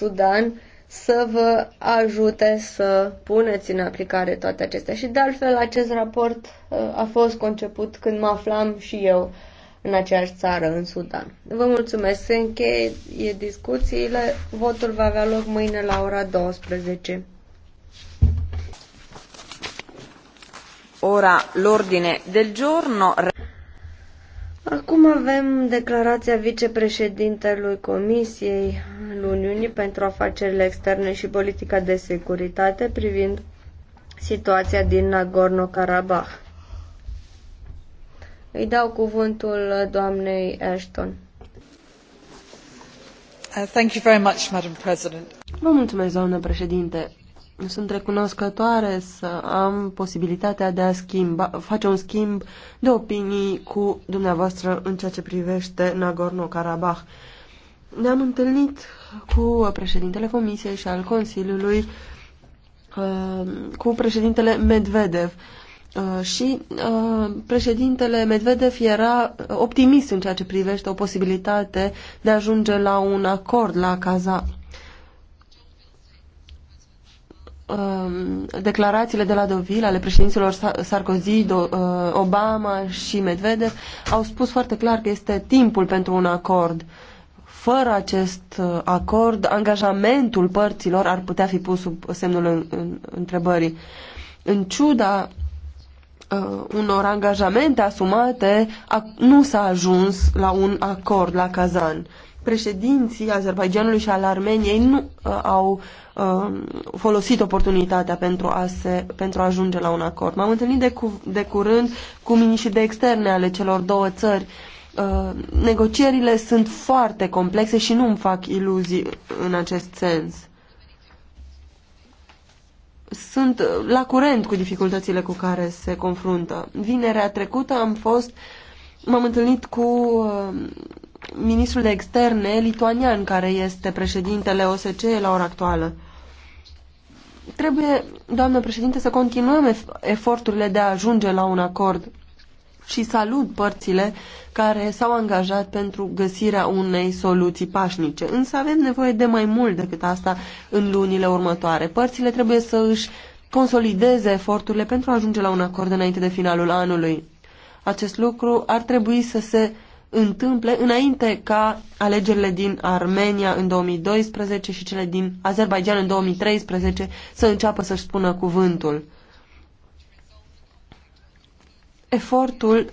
Sudan să vă ajute să puneți în aplicare toate acestea. Și de altfel, acest raport uh, a fost conceput când mă aflam și eu în aceeași țară, în Sudan. Vă mulțumesc, se încheie discuțiile, votul va avea loc mâine la ora 12. Ora l'ordine del giorno Acum avem declarația vicepreședintelui Comisiei al Uniunii pentru Afacerile Externe și Politica de Securitate privind situația din Nagorno-Karabakh. Îi dau cuvântul doamnei Ashton. Uh, Vă mulțumesc, doamnă președinte. Sunt recunoscătoare să am posibilitatea de a schimba, face un schimb de opinii cu dumneavoastră în ceea ce privește Nagorno-Karabakh. Ne-am întâlnit cu președintele Comisiei și al Consiliului, uh, cu președintele Medvedev. Uh, și uh, președintele Medvedev era optimist în ceea ce privește o posibilitate de a ajunge la un acord la Kazakh Um, declarațiile de la Deauville ale președinților Sarkozy, uh, Obama și Medvedev au spus foarte clar că este timpul pentru un acord. Fără acest uh, acord, angajamentul părților ar putea fi pus sub semnul întrebării. În ciuda uh, unor angajamente asumate, nu s-a ajuns la un acord la Kazan președinții Azerbaijanului și al Armeniei nu uh, au uh, folosit oportunitatea pentru a, se, pentru a ajunge la un acord. M-am întâlnit de, cu, de curând cu miniștri de externe ale celor două țări. Uh, negocierile sunt foarte complexe și nu îmi fac iluzii în acest sens. Sunt la curent cu dificultățile cu care se confruntă. Vinerea trecută am fost, m-am întâlnit cu uh, ministrul de externe lituanian, care este președintele OSCE la ora actuală. Trebuie, doamnă președinte, să continuăm eforturile de a ajunge la un acord și salut părțile care s-au angajat pentru găsirea unei soluții pașnice. Însă avem nevoie de mai mult decât asta în lunile următoare. Părțile trebuie să își consolideze eforturile pentru a ajunge la un acord înainte de finalul anului. Acest lucru ar trebui să se întâmple înainte ca alegerile din Armenia în 2012 și cele din Azerbaijan în 2013 să înceapă să-și spună cuvântul. Efortul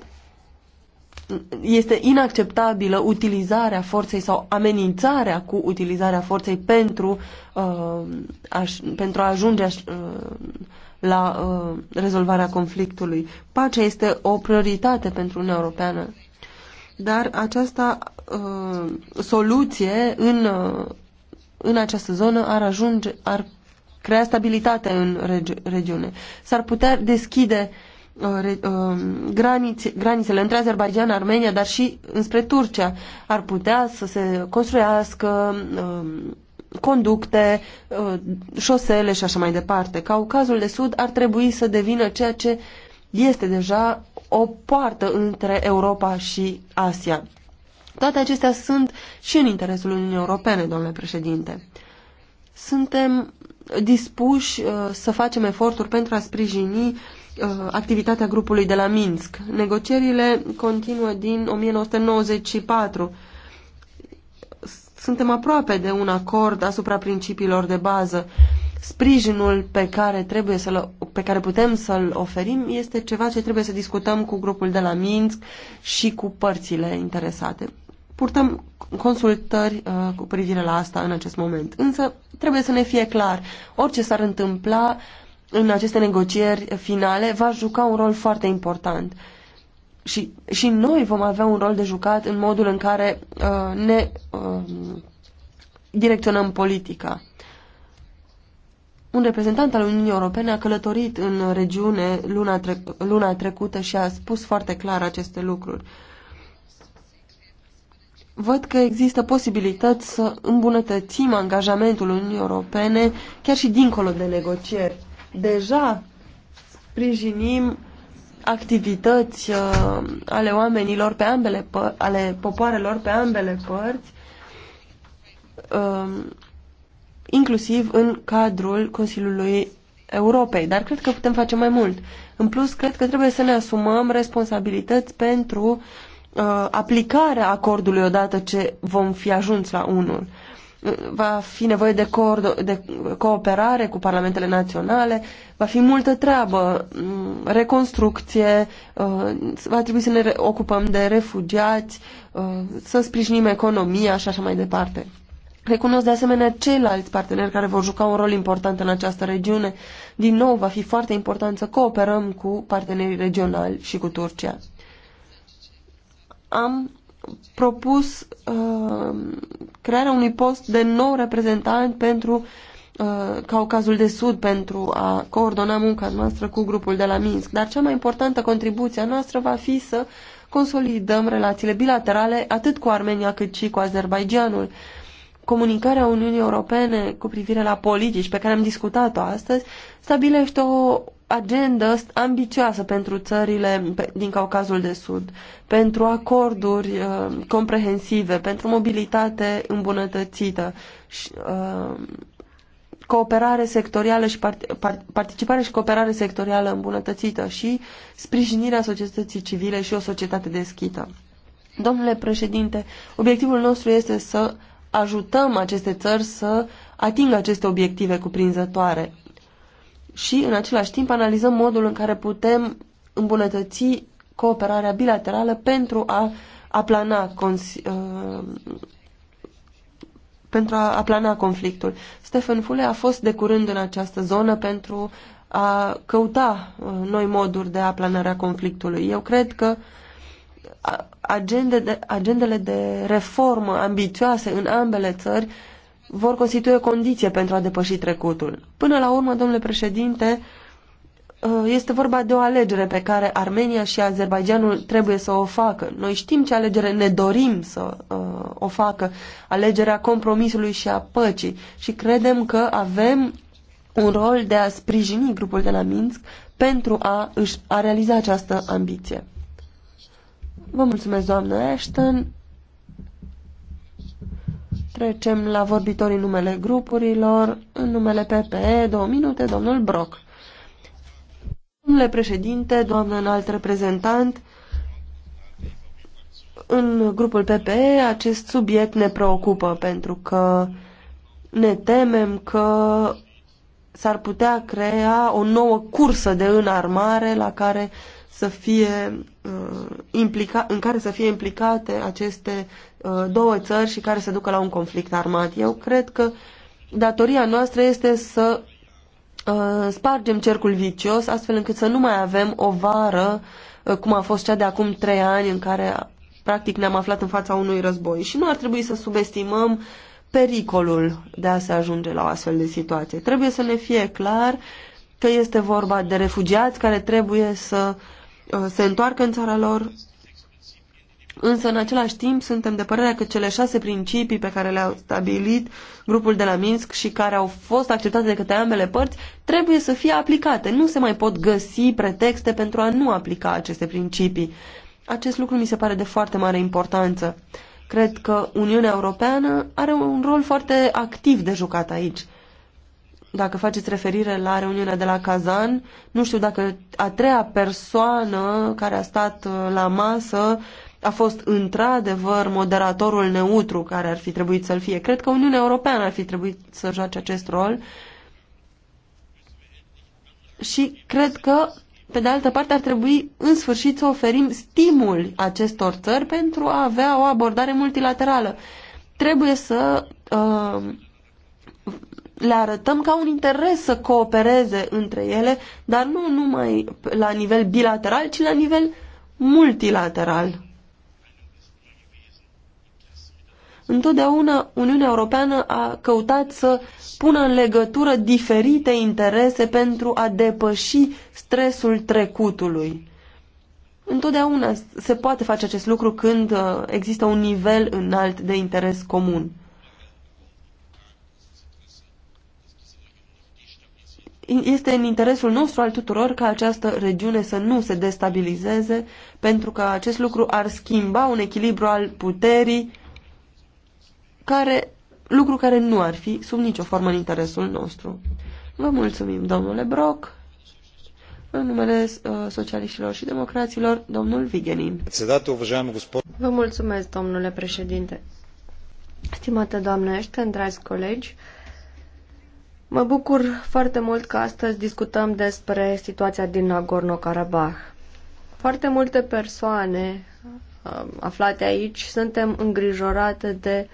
este inacceptabilă utilizarea forței sau amenințarea cu utilizarea forței pentru, uh, aș, pentru a ajunge aș, uh, la uh, rezolvarea conflictului. Pacea este o prioritate pentru Uniunea Europeană dar această uh, soluție în, uh, în această zonă ar ajunge, ar crea stabilitate în regi regiune. S-ar putea deschide uh, uh, granițe, granițele între Azerbaijan, Armenia, dar și înspre Turcia. Ar putea să se construiască um, conducte, uh, șosele și așa mai departe. Caucazul de Sud ar trebui să devină ceea ce este deja o poartă între Europa și Asia. Toate acestea sunt și în interesul Uniunii Europene, domnule președinte. Suntem dispuși uh, să facem eforturi pentru a sprijini uh, activitatea grupului de la Minsk. Negocierile continuă din 1994. Suntem aproape de un acord asupra principiilor de bază. Uh, sprijinul pe care, trebuie să pe care putem să-l oferim este ceva ce trebuie să discutăm cu grupul de la Minsk și cu părțile interesate. Purtăm consultări uh, cu privire la asta în acest moment. Însă trebuie să ne fie clar, orice s-ar întâmpla în aceste negocieri finale va juca un rol foarte important. Și, și noi vom avea un rol de jucat în modul în care uh, ne uh, direcționăm politica. Un reprezentant al Uniunii Europene a călătorit în regiune luna, trec luna trecută și a spus foarte clar aceste lucruri. Văd că există posibilități să îmbunătățim angajamentul Uniunii Europene chiar și dincolo de negocieri. Deja sprijinim activități uh, ale oamenilor pe ambele, ale popoarelor pe ambele părți, uh, inclusiv în cadrul Consiliului Europei, dar cred că putem face mai mult. În plus, cred că trebuie să ne asumăm responsabilități pentru uh, aplicarea acordului odată ce vom fi ajuns la unul. Va fi nevoie de, co- de cooperare cu parlamentele naționale, va fi multă treabă, mm, reconstrucție, uh, va trebui să ne ocupăm de refugiați, uh, să sprijinim economia și așa mai departe. Recunosc de asemenea ceilalți parteneri care vor juca un rol important în această regiune. Din nou, va fi foarte important să cooperăm cu partenerii regionali și cu Turcia. Am propus uh, crearea unui post de nou reprezentant pentru o uh, Caucazul de Sud pentru a coordona munca noastră cu grupul de la Minsk. Dar cea mai importantă contribuție a noastră va fi să consolidăm relațiile bilaterale atât cu Armenia cât și cu Azerbaijanul. Uh, comunicarea Uniunii Europene cu privire la politici pe care am discutat-o astăzi stabilește o agendă ambicioasă pentru țările din Caucazul de Sud, pentru acorduri uh, comprehensive, pentru mobilitate îmbunătățită, și, uh, cooperare sectorială și part part participare și cooperare sectorială îmbunătățită și sprijinirea societății civile și o societate deschisă. Domnule președinte, obiectivul nostru este să ajutăm aceste țări să atingă aceste obiective cuprinzătoare. Și, în același timp, analizăm modul în care putem îmbunătăți cooperarea bilaterală pentru a aplana uh, pentru a aplana conflictul. Stephen Fule a fost de curând în această zonă pentru a căuta uh, noi moduri de aplanare a conflictului. Eu cred că agende de, agendele de reformă ambițioase în ambele țări vor constitui o condiție pentru a depăși trecutul. Până la urmă, domnule președinte, uh, este vorba de o alegere pe care Armenia și Azerbaijanul trebuie să o facă. Noi știm ce alegere ne dorim să uh, o facă, alegerea compromisului și a păcii și credem că avem un rol de a sprijini grupul de la Minsk pentru a, își, a realiza această ambiție. Vă mulțumesc, doamnă Ashton. Trecem la vorbitorii numele grupurilor. În numele PPE, două minute, domnul Brock. Domnule președinte, doamnă înalt reprezentant, în grupul PPE acest subiect ne preocupă pentru că ne temem că s-ar putea crea o nouă cursă de înarmare la care să fie Uh, implica, în care să fie implicate aceste uh, două țări și care să ducă la un conflict armat. Eu cred că datoria noastră este să uh, spargem cercul vicios astfel încât să nu mai avem o vară cum a fost cea de acum trei ani în care practic ne-am aflat în fața unui război și nu ar trebui să subestimăm pericolul de a se ajunge la o astfel de situație. Trebuie să ne fie clar că este vorba de refugiați care trebuie să uh, Uh, se întoarcă în țara lor, însă în același timp suntem de părerea că cele șase principii pe care le-au stabilit grupul de la Minsk și care au fost acceptate de către ambele părți trebuie să fie aplicate. Nu se mai pot găsi pretexte pentru a nu aplica aceste principii. Acest lucru mi se pare de foarte mare importanță. Cred că Uniunea Europeană are un rol foarte activ de jucat aici dacă faceți referire la reuniunea de la Kazan, nu știu dacă a treia persoană care a stat uh, la masă a fost într-adevăr moderatorul neutru care ar fi trebuit să-l fie. Cred că Uniunea Europeană ar fi trebuit să joace acest rol și cred că, pe de altă parte, ar trebui în sfârșit să oferim stimul acestor țări pentru a avea o abordare multilaterală. Trebuie să uh, le arătăm ca un interes să coopereze între ele, dar nu numai la nivel bilateral, ci la nivel multilateral. Întotdeauna Uniunea Europeană a căutat să pună în legătură diferite interese pentru a depăși stresul trecutului. Întotdeauna se poate face acest lucru când uh, există un nivel înalt de interes comun. este în interesul nostru al tuturor ca această regiune să nu se destabilizeze, pentru că acest lucru ar schimba un echilibru al puterii, care, lucru care nu ar fi sub nicio formă în interesul nostru. Vă mulțumim, domnule Brock. În numele uh, socialiștilor și democraților, domnul Vigenin. Vă mulțumesc, domnule președinte. Stimate doamnă dragi colegi, Mă bucur foarte mult că astăzi discutăm despre situația din Nagorno-Karabakh. Foarte multe persoane um, aflate aici suntem îngrijorate de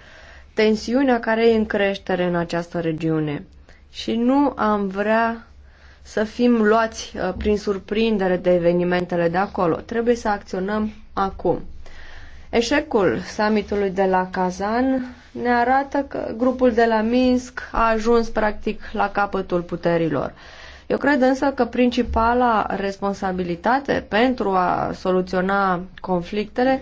tensiunea care e în creștere în această regiune și nu am vrea să fim luați uh, prin surprindere de evenimentele de acolo. Trebuie să acționăm acum. Eșecul summitului de la Kazan ne arată că grupul de la Minsk a ajuns practic la capătul puterilor. Eu cred însă că principala responsabilitate pentru a soluționa conflictele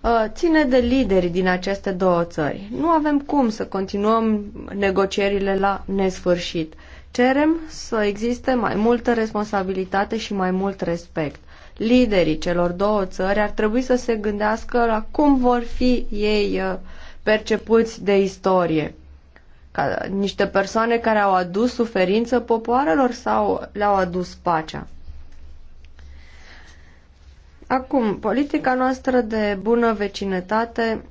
uh, ține de liderii din aceste două țări. Nu avem cum să continuăm negocierile la nesfârșit. Cerem să existe mai multă responsabilitate și mai mult respect. Liderii celor două țări ar trebui să se gândească la cum vor fi ei uh, percepuți de istorie, ca niște persoane care au adus suferință popoarelor sau le-au adus pacea. Acum, politica noastră de bună vecinătate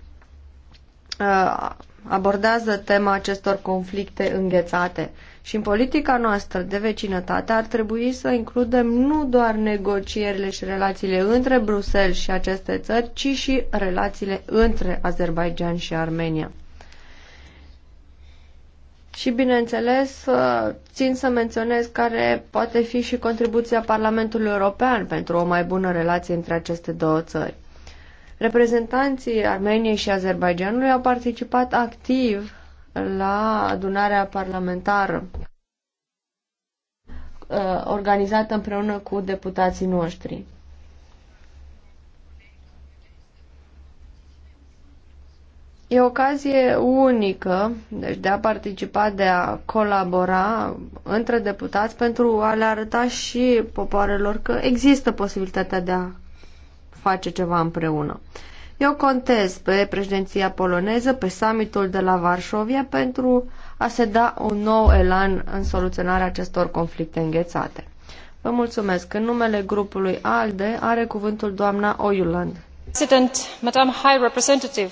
uh, abordează tema acestor conflicte înghețate. Și în politica noastră de vecinătate ar trebui să includem nu doar negocierile și relațiile între Bruxelles și aceste țări, ci și relațiile între Azerbaijan și Armenia. Și, bineînțeles, uh, țin să menționez care poate fi și contribuția Parlamentului European pentru o mai bună relație între aceste două țări. Reprezentanții Armeniei și Azerbaijanului au participat activ la adunarea parlamentară uh, organizată împreună cu deputații noștri. E o ocazie unică, deci de a participa, de a colabora între deputați pentru a le arăta și popoarelor că există posibilitatea de a face ceva împreună. Eu contez pe președinția poloneză, pe summitul de la Varșovia pentru a se da un nou elan în soluționarea acestor conflicte înghețate. Vă mulțumesc. În numele grupului ALDE are cuvântul doamna Oyuland. President, Madam High Representative.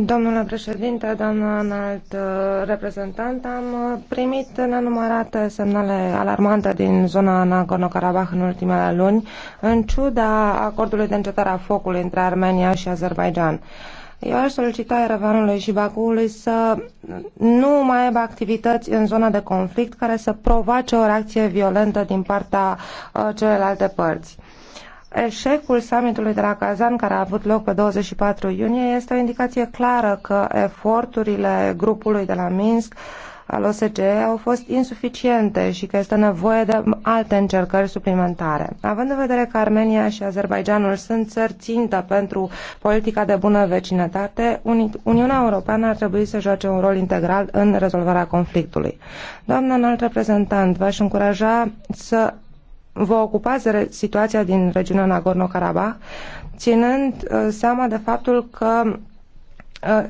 Domnule președinte, doamnă înalt uh, reprezentant, am uh, primit nenumărate semnale alarmante din zona Nagorno-Karabakh în ultimele luni, în ciuda acordului de încetare a focului între Armenia și Azerbaijan. Eu aș solicita Erevanului și Bakuului să nu mai aibă activități în zona de conflict care să provoace o reacție violentă din partea uh, celelalte părți. Eșecul summitului de la Kazan, care a avut loc pe 24 iunie, este o indicație clară că eforturile grupului de la Minsk al OSCE au fost insuficiente și că este nevoie de alte încercări suplimentare. Având în vedere că Armenia și Azerbaijanul sunt țări țintă pentru politica de bună vecinătate, Uni Uniunea Europeană ar trebui să joace un rol integral în rezolvarea conflictului. Doamna înalt reprezentant, v-aș încuraja să vă ocupați de situația din regiunea Nagorno-Karabakh, ținând uh, seama de faptul că uh,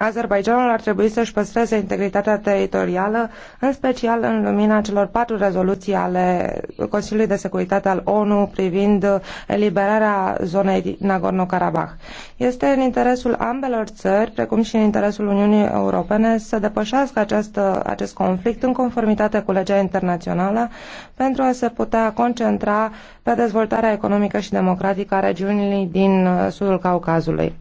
Azerbaidjanul ar trebui să-și păstreze integritatea teritorială, în special în lumina celor patru rezoluții ale Consiliului de Securitate al ONU privind eliberarea zonei Nagorno-Karabakh. Este în interesul ambelor țări, precum și în interesul Uniunii Europene, să depășească această, acest conflict în conformitate cu legea internațională pentru a se putea concentra pe dezvoltarea economică și democratică a regiunii din sudul Caucazului.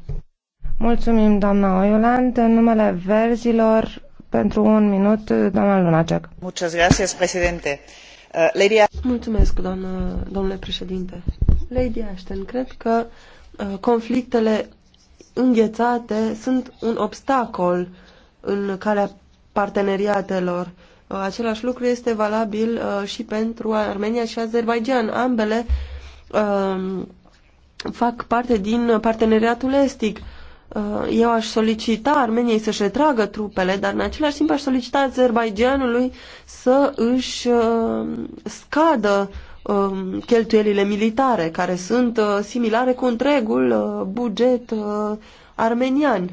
Mulțumim, doamna Oiuland. În numele verzilor, pentru un minut, doamna Lunacek. Muchas gracias, presidente. Uh, Mulțumesc, doamnă, domnule președinte. Lady Ashton, cred că uh, conflictele înghețate sunt un obstacol în calea parteneriatelor. Uh, același lucru este valabil și pentru Armenia și Azerbaijan. Ambele fac parte din parteneriatul estic Uh, eu aș solicita Armeniei să-și retragă trupele, dar în același timp aș solicita Azerbaijanului să își uh, scadă um, cheltuielile militare, care sunt uh, similare cu întregul buget armenian.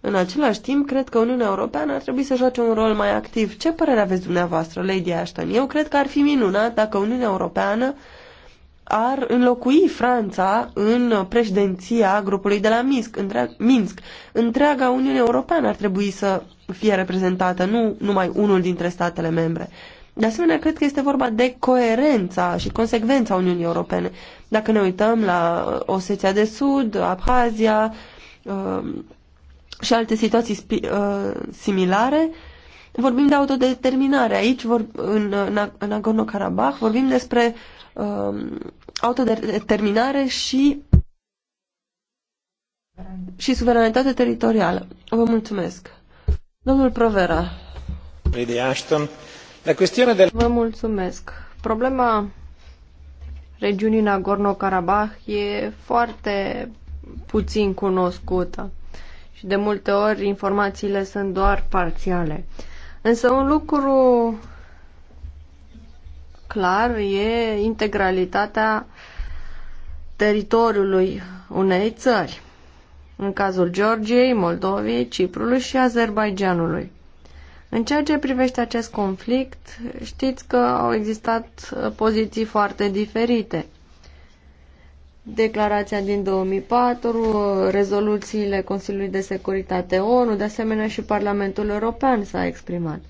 În același timp, cred că Uniunea Europeană ar trebui să joace un rol mai activ. Ce părere aveți dumneavoastră, Lady Ashton? Eu cred că ar fi minunat dacă Uniunea Europeană uh, ar înlocui Franța în președinția grupului de la Minsk. Întreag, Minsk. Întreaga Uniune Europeană ar trebui să fie reprezentată, nu numai unul dintre statele membre. De asemenea, cred că este vorba de coerența și consecvența Uniunii Europene. Dacă ne uităm la Oseția de Sud, Abhazia uh, și alte situații uh, similare, vorbim de autodeterminare. Aici, în, Nagorno-Karabakh, vorbim despre uh, autodeterminare și, și suveranitate teritorială. Vă mulțumesc. Domnul Provera. Vă mulțumesc. Problema regiunii Nagorno-Karabakh e foarte puțin cunoscută și de multe ori informațiile sunt doar parțiale. Însă un lucru clar e integralitatea teritoriului unei țări, în cazul Georgiei, Moldovei, Ciprului și Azerbaijanului. În ceea ce privește acest conflict, știți că au existat poziții foarte diferite. Declarația din 2004, rezoluțiile Consiliului de Securitate ONU, de asemenea și Parlamentul European s-a exprimat.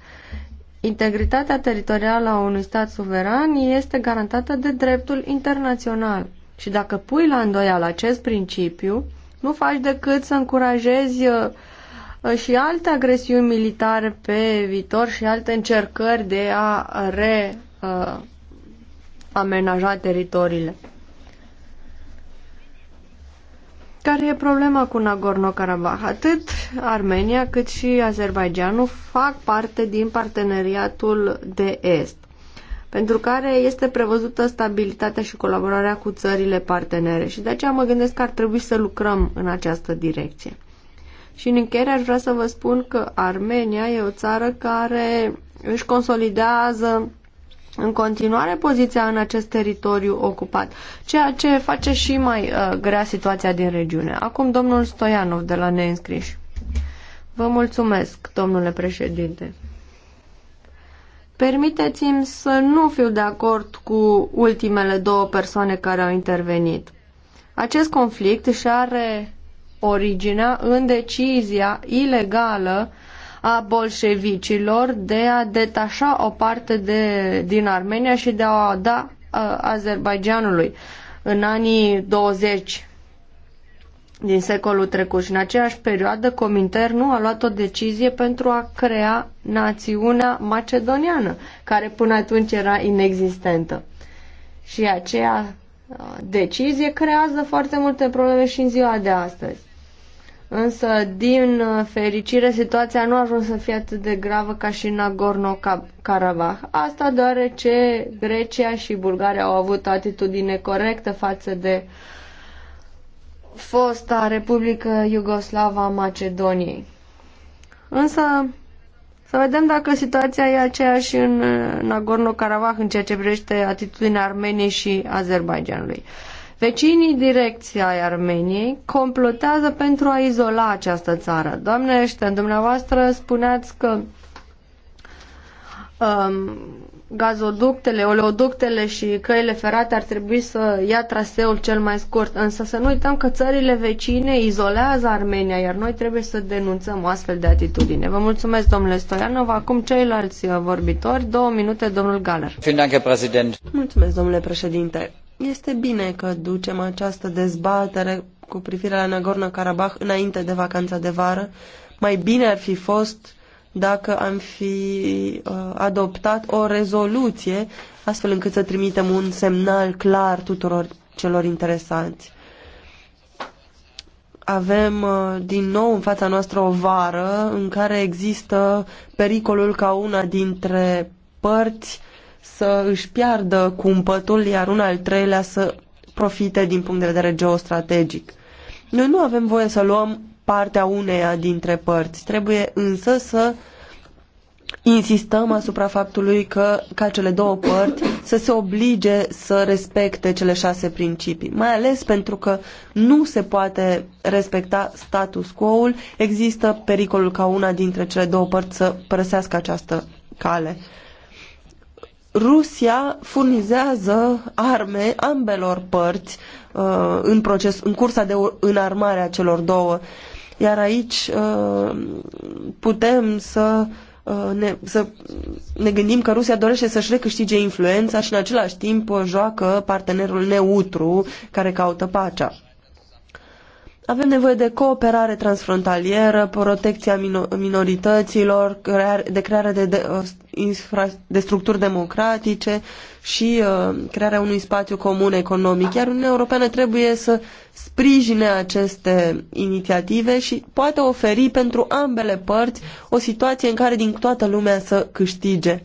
Integritatea teritorială a unui stat suveran este garantată de dreptul internațional. Și dacă pui la îndoială acest principiu, nu faci decât să încurajezi uh, uh, și alte agresiuni militare pe viitor și alte încercări de a reamenaja uh, teritoriile. Care e problema cu Nagorno-Karabakh? Atât Armenia cât și Azerbaijanul fac parte din parteneriatul de est, pentru care este prevăzută stabilitatea și colaborarea cu țările partenere și de aceea mă gândesc că ar trebui să lucrăm în această direcție. Și în încheiere aș vrea să vă spun că Armenia e o țară care își consolidează în continuare poziția în acest teritoriu ocupat, ceea ce face și mai uh, grea situația din regiune. Acum domnul Stoianov de la Neînscriși. Vă mulțumesc, domnule președinte. Permiteți-mi să nu fiu de acord cu ultimele două persoane care au intervenit. Acest conflict și are originea în decizia ilegală a bolșevicilor de a detașa o parte de, din Armenia și de a o da uh, Azerbaijanului în anii 20 din secolul trecut și în aceeași perioadă Cominternu a luat o decizie pentru a crea națiunea macedoniană, care până atunci era inexistentă. Și aceea decizie creează foarte multe probleme și în ziua de astăzi. Însă, din uh, fericire, situația nu a ajuns să fie atât de gravă ca și în Nagorno-Karabakh. Asta deoarece Grecia și Bulgaria au avut o atitudine corectă față de fosta Republică Iugoslava Macedoniei. Însă, să vedem dacă situația e aceeași în uh, Nagorno-Karabakh în ceea ce privește atitudinea Armeniei și Azerbaijanului. Vecinii direcții ai Armeniei complotează pentru a izola această țară. Doamnește, dumneavoastră spuneați că um, gazoductele, oleoductele și căile ferate ar trebui să ia traseul cel mai scurt. Însă să nu uităm că țările vecine izolează Armenia, iar noi trebuie să denunțăm o astfel de atitudine. Vă mulțumesc, domnule Stoianov. Acum ceilalți uh, vorbitori, două minute, domnul Galer. Mulțumesc, domnule președinte. Este bine că ducem această dezbatere cu privire la Nagorno-Karabakh înainte de vacanța de vară. Mai bine ar fi fost dacă am fi uh, adoptat o rezoluție astfel încât să trimitem un semnal clar tuturor celor interesanți. Avem uh, din nou în fața noastră o vară în care există pericolul ca una dintre părți să își piardă cumpătul, iar un al treilea să profite din punct de vedere geostrategic. Noi nu avem voie să luăm partea uneia dintre părți. Trebuie însă să insistăm asupra faptului că ca cele două părți să se oblige să respecte cele șase principii, mai ales pentru că nu se poate respecta status quo-ul, există pericolul ca una dintre cele două părți să părăsească această cale. Rusia furnizează arme ambelor părți uh, în, proces, în cursa de înarmare a celor două. Iar aici uh, putem să, uh, ne, să ne gândim că Rusia dorește să-și recâștige influența și în același timp joacă partenerul neutru care caută pacea. Avem nevoie de cooperare transfrontalieră, protecția minorităților, de creare de, de, uh, de structuri democratice și uh, crearea unui spațiu comun economic. Iar Uniunea Europeană trebuie să sprijine aceste inițiative și poate oferi pentru ambele părți o situație în care din toată lumea să câștige.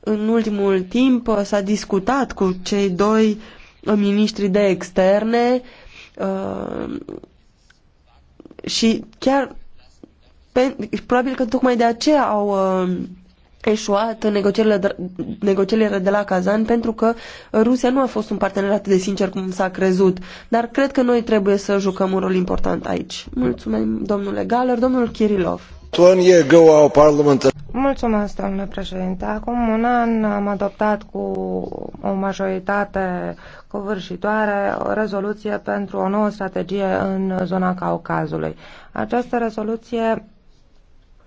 În ultimul timp s-a discutat cu cei doi uh, miniștri de externe uh, Uh, și chiar pe, probabil că tocmai de aceea au uh, eșuat negocierile de, negocierile de la Kazan pentru că Rusia nu a fost un partener atât de sincer cum s-a crezut. Dar cred că noi trebuie să jucăm un rol important aici. Mulțumim, domnule Galer, domnul Kirilov. Mulțumesc, domnule președinte. Acum un an am adoptat cu o majoritate covârșitoare o rezoluție pentru o nouă strategie în zona Caucazului. Această rezoluție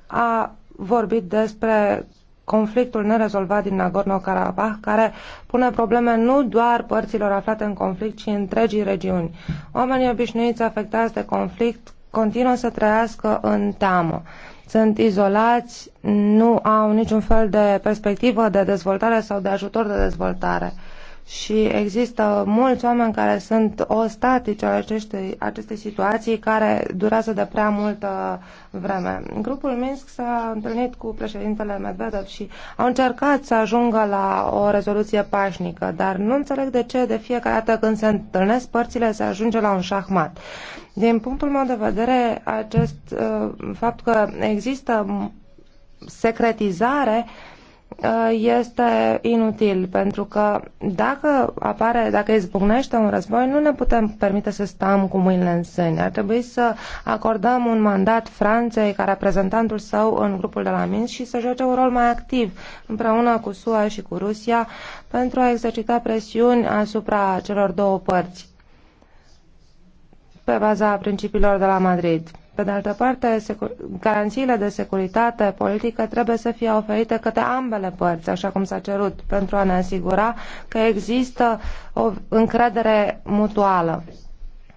a vorbit despre conflictul nerezolvat din Nagorno-Karabakh, care pune probleme nu doar părților aflate în conflict, ci întregii regiuni. Oamenii obișnuiți afectați de conflict continuă să trăiască în teamă sunt izolați, nu au niciun fel de perspectivă de dezvoltare sau de ajutor de dezvoltare și există mulți oameni care sunt ostatici al acestei, aceste situații care durează de prea multă vreme. Grupul Minsk s-a întâlnit cu președintele Medvedev și au încercat să ajungă la o rezoluție pașnică, dar nu înțeleg de ce de fiecare dată când se întâlnesc părțile se ajunge la un șahmat. Din punctul meu de vedere, acest uh, fapt că există secretizare uh, Uh, este inutil, pentru că dacă apare, dacă izbucnește un război, nu ne putem permite să stăm cu mâinile în sâni. Ar trebui să acordăm un mandat Franței ca reprezentantul său în grupul de la Minsk și să joace un rol mai activ împreună cu SUA și cu Rusia pentru a exercita presiuni asupra celor două părți pe baza principiilor de la Madrid. Pe de altă parte, garanțiile de securitate politică trebuie să fie oferite către ambele părți, așa cum s-a cerut, pentru a ne asigura că există o încredere mutuală.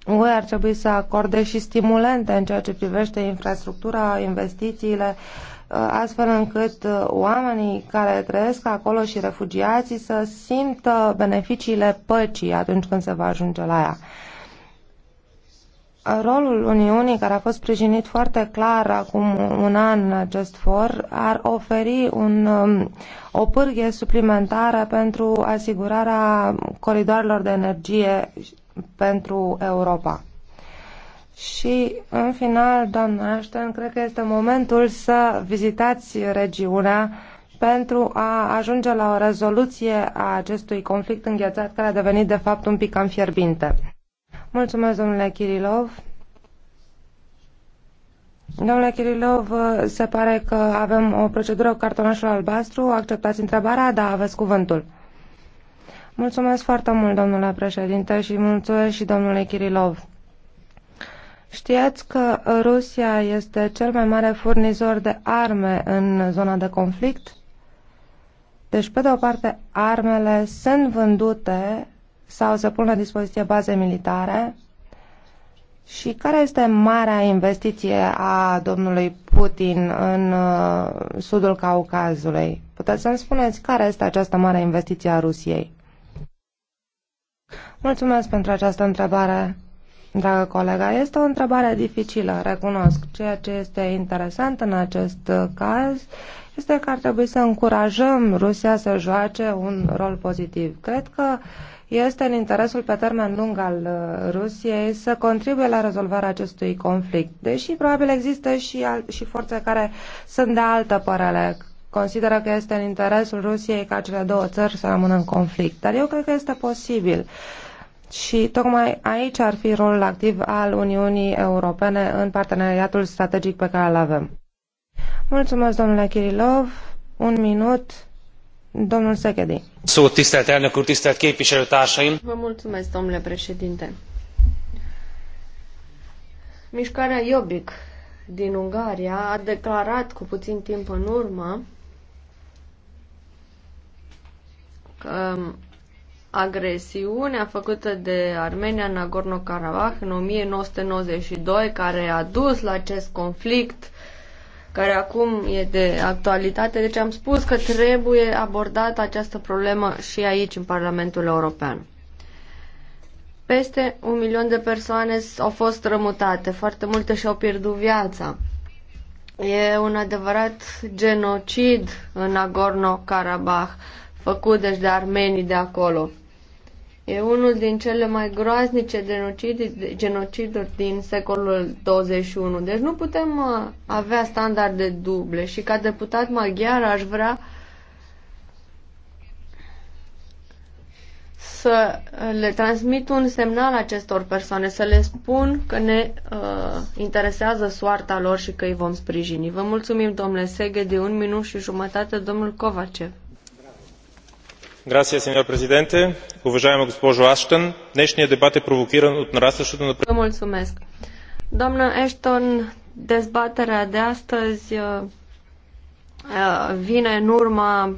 UE ar trebui să acorde și stimulente în ceea ce privește infrastructura, investițiile, astfel încât oamenii care trăiesc acolo și refugiații să simtă beneficiile păcii atunci când se va ajunge la ea rolul Uniunii, care a fost sprijinit foarte clar acum un an în acest for, ar oferi un, um, o pârghie suplimentară pentru asigurarea coridoarelor de energie pentru Europa. Și, în final, doamna Ashton, cred că este momentul să vizitați regiunea pentru a ajunge la o rezoluție a acestui conflict înghețat care a devenit, de fapt, un pic cam fierbinte. Mulțumesc, domnule Kirilov. Domnule Kirilov, se pare că avem o procedură cu cartonașul albastru. Acceptați întrebarea? Da, aveți cuvântul. Mulțumesc foarte mult, domnule președinte, și mulțumesc și domnule Kirilov. Știați că Rusia este cel mai mare furnizor de arme în zona de conflict? Deci, pe de o parte, armele sunt vândute sau să pună la dispoziție baze militare? Și care este marea investiție a domnului Putin în uh, sudul Caucazului? Puteți să-mi spuneți care este această mare investiție a Rusiei? Mulțumesc pentru această întrebare, dragă colega. Este o întrebare dificilă, recunosc. Ceea ce este interesant în acest caz este că ar trebui să încurajăm Rusia să joace un rol pozitiv. Cred că este în interesul pe termen lung al uh, Rusiei să contribuie la rezolvarea acestui conflict, deși probabil există și, al- și forțe care sunt de altă părere, consideră că este în interesul Rusiei ca cele două țări să rămână în conflict. Dar eu cred că este posibil. Și tocmai aici ar fi rolul activ al Uniunii Europene în parteneriatul strategic pe care îl avem. Mulțumesc, domnule Kirilov. Un minut, domnul Sechedi. Szó, tisztelt elnök úr, tisztelt képviselőtársaim! Vă mulțumesc, domnule președinte. Mișcarea Iobic din Ungaria a declarat cu puțin timp în urmă că um, agresiunea făcută de Armenia în Nagorno-Karabakh în 1992, care a dus la acest conflict care acum e de actualitate, deci am spus că trebuie abordată această problemă și aici, în Parlamentul European. Peste un milion de persoane au fost rămutate, foarte multe și-au pierdut viața. E un adevărat genocid în Nagorno-Karabakh, făcut deci de armenii de acolo. E unul din cele mai groaznice genociduri din secolul 21. Deci nu putem uh, avea standarde duble și ca deputat maghiar aș vrea să le transmit un semnal acestor persoane, să le spun că ne uh, interesează soarta lor și că îi vom sprijini. Vă mulțumim, domnule Seghe, de un minut și jumătate, domnul Covacev dnešния дебат е провокиран от нарастващото напрежение. Doamnă Ashton, dezbaterea de astăzi uh, uh, vine în urma uh,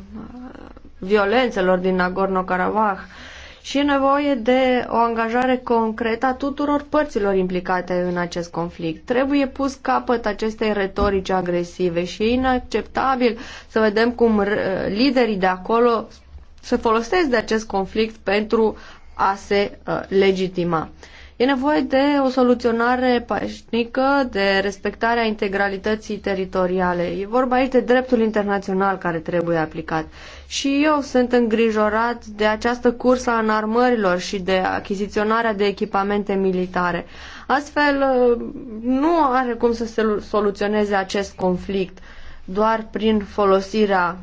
violențelor din Nagorno-Karabakh și e nevoie de o angajare concretă a tuturor părților implicate în acest conflict. Trebuie pus capăt acestei retorici agresive și e inacceptabil să vedem cum liderii de acolo se folosesc de acest conflict pentru a se uh, legitima. E nevoie de o soluționare pașnică, de respectarea integralității teritoriale. E vorba aici de dreptul internațional care trebuie aplicat. Și eu sunt îngrijorat de această cursă a înarmărilor și de achiziționarea de echipamente militare. Astfel, uh, nu are cum să se soluționeze acest conflict doar prin folosirea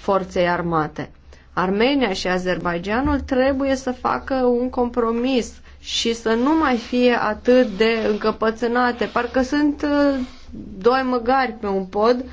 forței armate. Armenia și Azerbaijanul trebuie să facă un compromis și să nu mai fie atât de încăpățânate. Parcă sunt uh, doi măgari pe un pod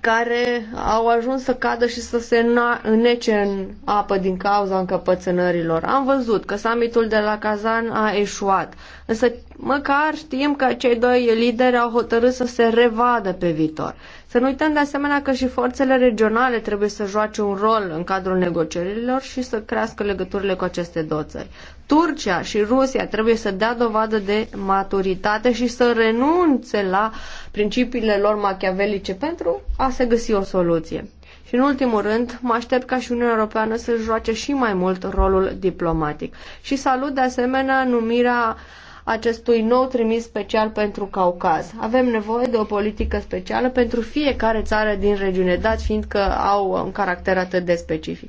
care au ajuns să cadă și să se înnece în apă din cauza încăpățânărilor. Am văzut că summitul de la Kazan a eșuat, însă măcar știm că cei doi lideri au hotărât să se revadă pe viitor. Să nu uităm de asemenea că și forțele regionale trebuie să joace un rol în cadrul negocierilor și să crească legăturile cu aceste două țări. Turcia și Rusia trebuie să dea dovadă de maturitate și să renunțe la principiile lor machiavelice pentru a se găsi o soluție. Și în ultimul rând, mă aștept ca și Uniunea Europeană să joace și mai mult rolul diplomatic. Și salut de asemenea numirea uh, acestui nou trimis special pentru Caucaz. Avem nevoie de o politică specială pentru fiecare țară din regiune, dat fiind că au un caracter atât de specific.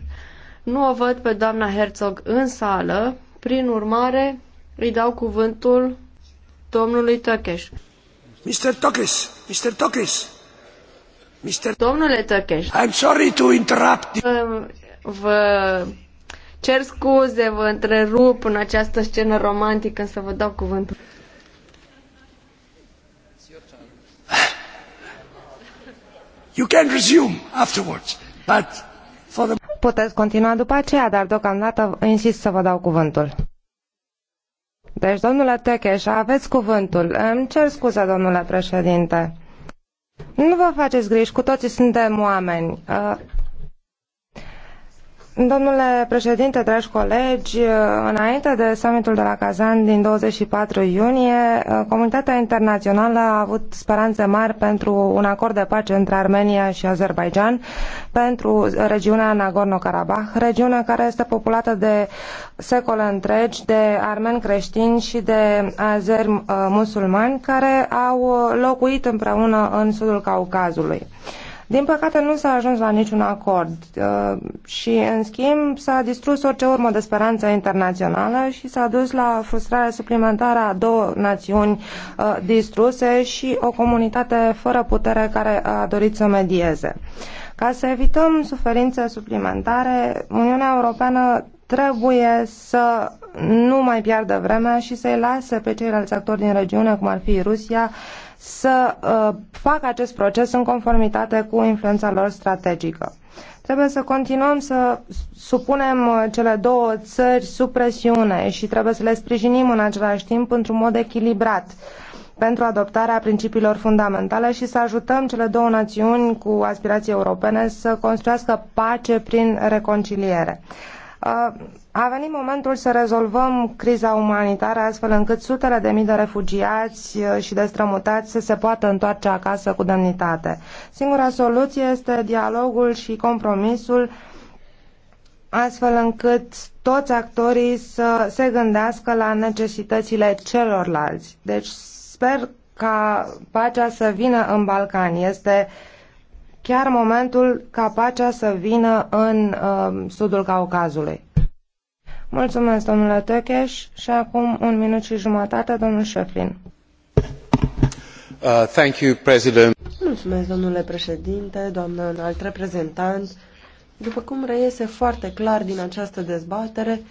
Nu o văd pe doamna Herzog în sală, prin urmare îi dau cuvântul domnului Tăcheș. Mr. Tokes, Mr. Tokes, Mr. Domnule Tăcheș. I'm sorry to interrupt. Vă, vă Cer scuze, vă întrerup în această scenă romantică, să vă dau cuvântul. You can resume afterwards, but for the... Puteți continua după aceea, dar deocamdată insist să vă dau cuvântul. Deci, domnule Techeș, aveți cuvântul. Îmi cer scuze, domnule președinte. Nu vă faceți griji, cu toții suntem oameni. Uh, Domnule președinte, dragi colegi, înainte de summitul de la Kazan din 24 iunie, comunitatea internațională a avut speranțe mari pentru un acord de pace între Armenia și Azerbaijan pentru regiunea Nagorno-Karabakh, regiune care este populată de secole întregi de armeni creștini și de azeri uh, musulmani care au locuit împreună în sudul Caucazului. Din păcate nu s-a ajuns la niciun acord uh, și, în schimb, s-a distrus orice urmă de speranță internațională și s-a dus la frustrarea suplimentară a două națiuni uh, distruse și o comunitate fără putere care a dorit să medieze. Ca să evităm suferințe suplimentare, Uniunea Europeană trebuie să nu mai piardă vremea și să-i lase pe ceilalți actori din regiune, cum ar fi Rusia, să uh, facă acest proces în conformitate cu influența lor strategică. Trebuie să continuăm să supunem uh, cele două țări sub presiune și trebuie să le sprijinim în același timp într-un mod echilibrat. Uh, pentru adoptarea principiilor fundamentale și să ajutăm cele două națiuni cu aspirații europene să construiască pace prin reconciliere. A venit momentul să rezolvăm criza umanitară astfel încât sutele de mii de refugiați și de strămutați să se poată întoarce acasă cu demnitate. Singura soluție este dialogul și compromisul astfel încât toți actorii să se gândească la necesitățile celorlalți. Deci Sper ca pacea să vină în Balcani. Este chiar momentul ca pacea să vină în uh, sudul Caucazului. Mulțumesc, domnule Tăcheș, și acum un minut și jumătate, domnul Șeflin. Uh, thank you, President. Mulțumesc, domnule președinte, doamnă înalt reprezentant. După cum reiese foarte clar din această dezbatere,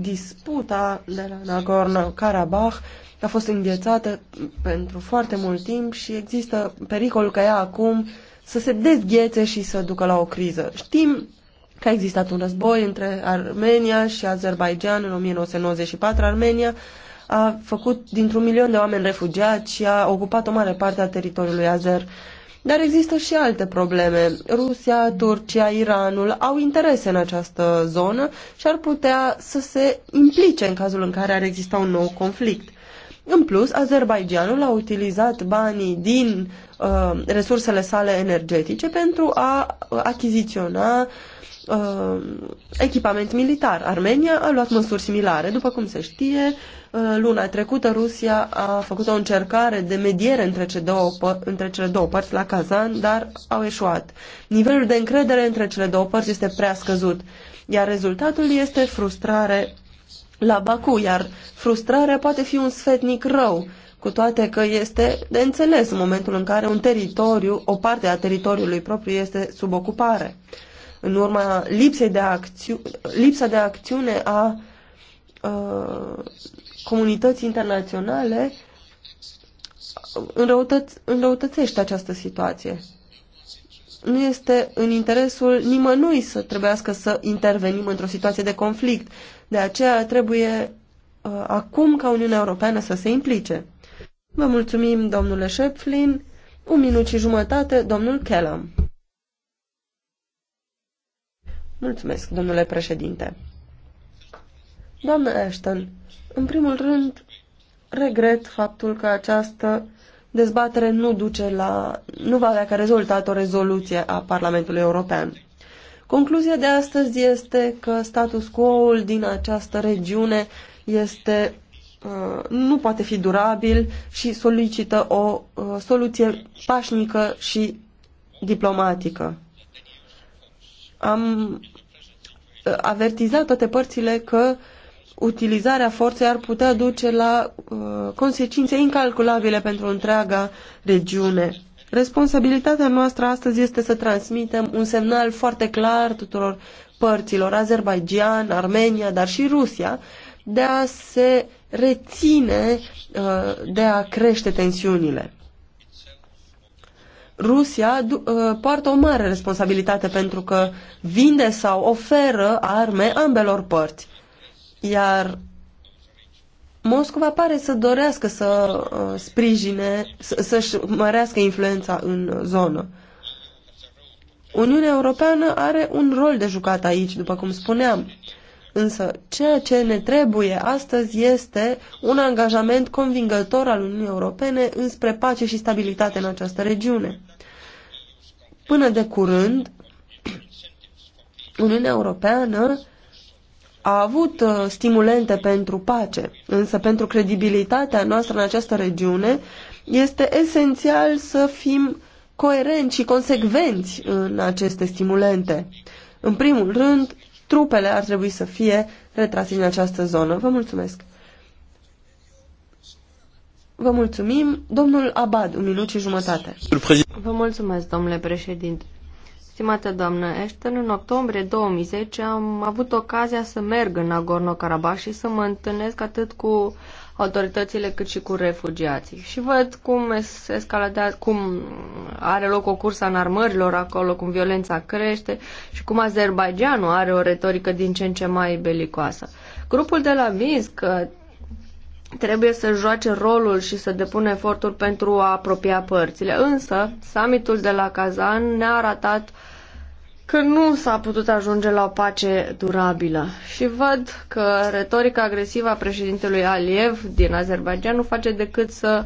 disputa de la Nagorno-Karabakh a fost înghețată pentru foarte mult timp și există pericolul ca ea acum să se dezghețe și să ducă la o criză. Știm că a existat un război între Armenia și Azerbaijan în 1994. Armenia a făcut dintr-un milion de oameni refugiați și a ocupat o mare parte a teritoriului Azer. Dar există și alte probleme. Rusia, Turcia, Iranul au interese în această zonă și ar putea să se implice în cazul în care ar exista un nou conflict. În plus, Azerbaijanul a utilizat banii din uh, resursele sale energetice pentru a achiziționa uh, echipament militar. Armenia a luat măsuri similare. După cum se știe, uh, luna trecută Rusia a făcut o încercare de mediere între, ce două, între cele două părți la Kazan, dar au eșuat. Nivelul de încredere între cele două părți este prea scăzut, iar rezultatul este frustrare la Baku, iar frustrarea poate fi un sfetnic rău, cu toate că este de înțeles în momentul în care un teritoriu, o parte a teritoriului propriu este sub ocupare în urma lipsei de acțiune, lipsa de acțiune a uh, comunității internaționale înrăutăț- înrăutățește această situație. Nu este în interesul nimănui să trebuiască să intervenim într-o situație de conflict. De aceea trebuie uh, acum ca Uniunea Europeană să se implice. Vă mulțumim, domnule Șepflin. Un minut și jumătate, domnul Kellam. Mulțumesc, domnule președinte. Doamnă Ashton, în primul rând, regret faptul că această dezbatere nu duce la, nu va avea ca rezultat o rezoluție a Parlamentului European. Concluzia de astăzi este că status quo-ul din această regiune este, uh, nu poate fi durabil și solicită o uh, soluție pașnică și diplomatică. Am Uh, avertiza toate părțile că utilizarea forței ar putea duce la uh, consecințe incalculabile pentru întreaga regiune. Responsabilitatea noastră astăzi este să transmitem un semnal foarte clar tuturor părților, Azerbaijan, Armenia, dar și Rusia, de a se reține uh, de a crește tensiunile. Rusia uh, poartă o mare responsabilitate pentru că vinde sau oferă arme ambelor părți. Iar Moscova pare să dorească să uh, sprijine, să-și mărească influența în zonă. Uniunea Europeană are un rol de jucat aici, după cum spuneam. Însă, ceea ce ne trebuie astăzi este un angajament convingător al Uniunii Europene înspre pace și stabilitate în această regiune. Până de curând, Uniunea Europeană a avut uh, stimulente pentru pace, însă pentru credibilitatea noastră în această regiune este esențial să fim coerenți și consecvenți în aceste stimulente. În primul rând, trupele ar trebui să fie retrase în această zonă. Vă mulțumesc! Vă mulțumim. Domnul Abad, un minut și jumătate. Vă mulțumesc, domnule președinte. Stimată doamnă Ashton, în octombrie 2010 am avut ocazia să merg în Nagorno-Karabakh și să mă întâlnesc atât cu autoritățile cât și cu refugiații. Și văd cum se escaladează, cum are loc o cursă în armărilor acolo, cum violența crește și cum Azerbaijanul are o retorică din ce în ce mai belicoasă. Grupul de la Minsk uh, trebuie să joace rolul și să depună eforturi pentru a apropia părțile. Însă, summitul de la Kazan ne-a arătat că nu s-a putut ajunge la o pace durabilă și văd că retorica agresivă a președintelui Aliev din Azerbaijan nu face decât să